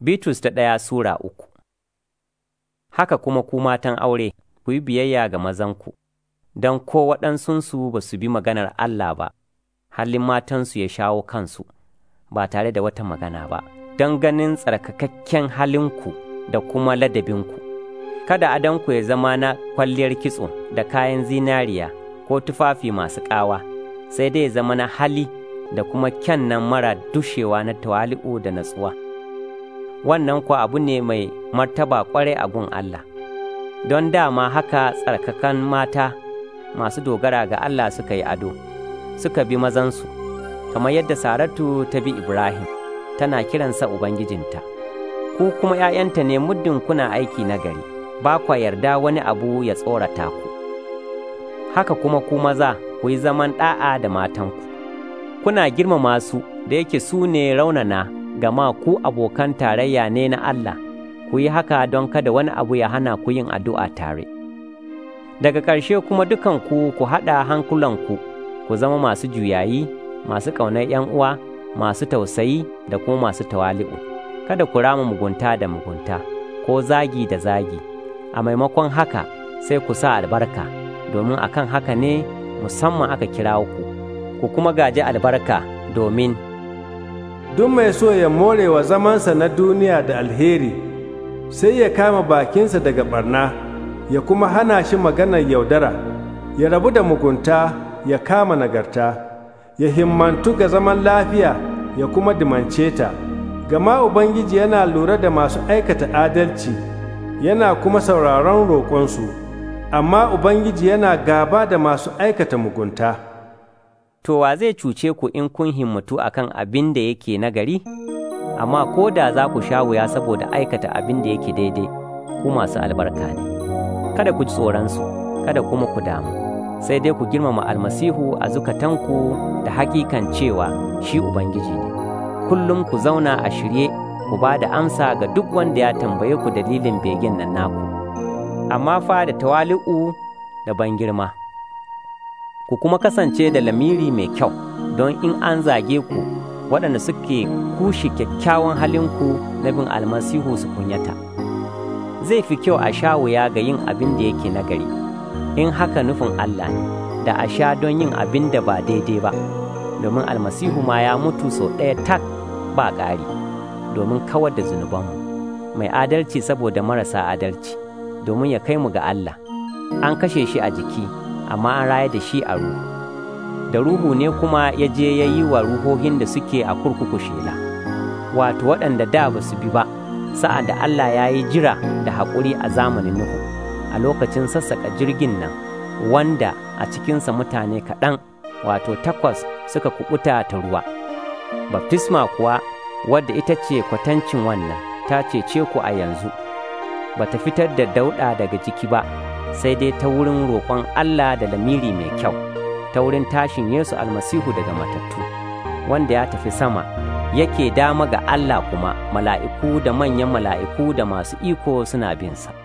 Bitrus da ɗaya Sura uku Haka kuma ku matan aure, ku yi biyayya ga mazanku, don ko waɗansunsu ba su bi maganar Allah ba, halin matansu ya shawo kansu, ba tare da wata magana ba, don ganin tsarkakakken halinku da kuma ladabinku. Kada adanku ya zama na kwalliyar kitso da kayan zinariya ko tufafi masu ƙawa, sai dai ya zama na hali da kuma kyan nan mara dushewa na tawali'u da natsuwa. wannan kuwa abu ne mai martaba ƙwarai a gun Allah, don dama haka tsarkakan mata masu dogara ga Allah suka yi ado, suka bi mazansu, kamar yadda Saratu ta bi Ibrahim, tana kiransa Ubangijinta. Ku kuma ‘ya'yanta ne muddin kuna aiki na gari, ba kwa yarda wani abu ya tsorata ku. Haka kuma ku maza ku yi zaman ɗa'a da matanku, kuna girmama su da yake su ne raunana. gama ku abokan tarayya ne na Allah, ku yi haka don kada wani abu ya hana ku yin addu'a tare. Daga ƙarshe kuma dukanku ku haɗa hankulanku, ku zama masu juyayi, masu ƙaunar ‘yan uwa, masu tausayi da kuma masu tawali'u. Kada ku rama mugunta da mugunta, ko zagi da zagi, a maimakon haka sai ku sa albarka, domin akan haka ne musamman aka kira ku, ku kuma gaji albarka domin. duk mai so ya more wa zamansa na duniya da alheri sai ya kama bakinsa daga barna ya kuma hana shi maganar yaudara ya rabu da mugunta ya kama nagarta ya himmantu ga zaman lafiya ya kuma dimance ta gama ubangiji yana lura da masu aikata adalci yana kuma sauraron roƙonsu amma ubangiji yana gaba da masu aikata mugunta. to wa zai cuce ku in kun himmatu a kan abin da yake nagari amma ko da za ku sha wuya saboda aikata abin da yake daidai ku masu albarka ne kada ku ji tsoronsu kada kuma ku damu sai dai ku girmama almasihu a zukatanku da hakikan cewa shi ubangiji ne kullum ku zauna a shirye ku ba da amsa ga duk wanda ya tambaye ku dalilin begen nan naku amma fa da tawali'u da ban girma. ku kuma kasance da lamiri mai kyau don in an zage ku waɗanda suke kushe kyakkyawan halinku na bin almasihu su kunyata zai fi kyau a sha wuya ga yin abin da yake nagari in haka nufin allah ne da a sha don yin abin da ba daidai ba domin almasihu ma ya mutu sau ɗaya tak ba ƙari domin kawar da zunubanmu mai adalci saboda marasa adalci domin ya kai mu ga allah an kashe shi a jiki amma an raya da shi a ruhu da ruhu ne kuma ya je ya yi wa ruhohin da suke a kurkuku shela wato waɗanda da ba su bi ba sa'ad da Allah ya yi jira da haƙuri a zamanin Nuhu a lokacin sassaƙa jirgin nan wanda a cikinsa mutane kaɗan wato takwas suka kuɓuta ta ruwa baftisma kuwa wadda ita ce kwatancin wannan ta cece ku a yanzu ba ta fitar da dauɗa daga jiki ba sai dai ta wurin roƙon Allah da lamiri mai kyau ta wurin tashin Yesu almasihu daga matattu wanda ya tafi sama yake dama ga Allah kuma mala'iku da manyan mala'iku da masu iko suna binsa.